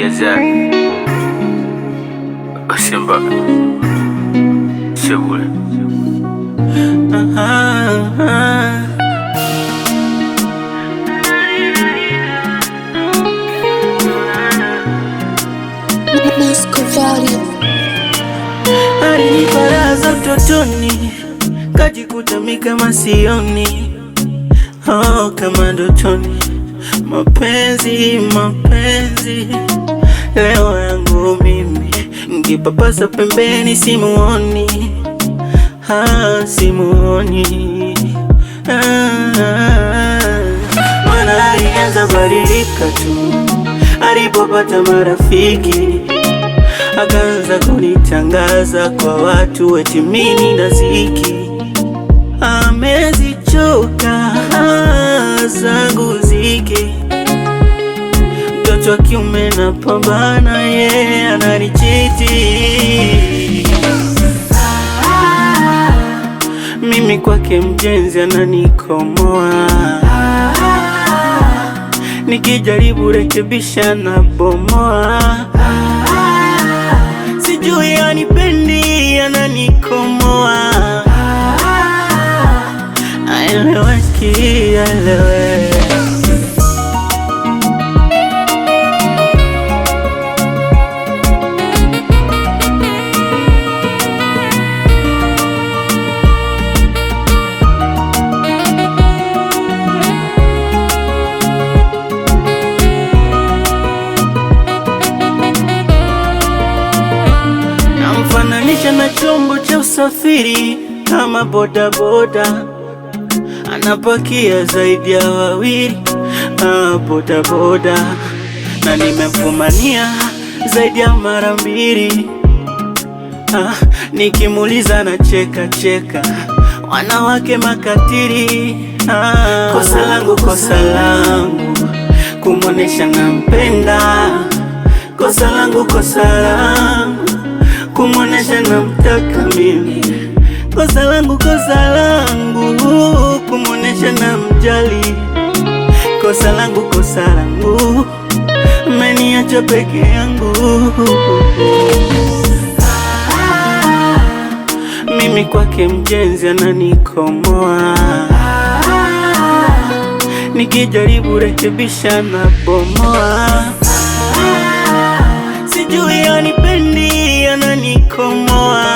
yaza Simba Sebule aliniparaza utotoni kajikuta mi kama sioni, oh, kama ndotoni mapenzi mapenzi leo yangu mimi, ngipapasa pembeni simuoni, ha, simuoni mwana alianza badilika tu alipopata marafiki akaanza kunitangaza kwa watu weti mini na ziki amezichoka mtu wa kiume na pambana, yeye ananichiti mimi, kwake mjenzi ananikomoa, nikijaribu rekebisha na bomoa, sijui anipendi, ananikomoa, aeleweki aelewe chombo cha usafiri kama bodaboda, anapakia zaidi ya wawili ah, bodaboda na nimemfumania zaidi ya mara mbili ah, nikimuuliza na cheka cheka, wanawake makatili ah, kosa langu kosa langu kumuonesha nampenda, kosa langu kosa langu nataka mimi. Kosa langu kosa langu kumonesha na mjali, kosa langu kosa langu meniacha peke yangu mimi kwake mjenzi ananikomoa, nikijaribu rekebisha na bomoa, sijui anipendi ananikomoa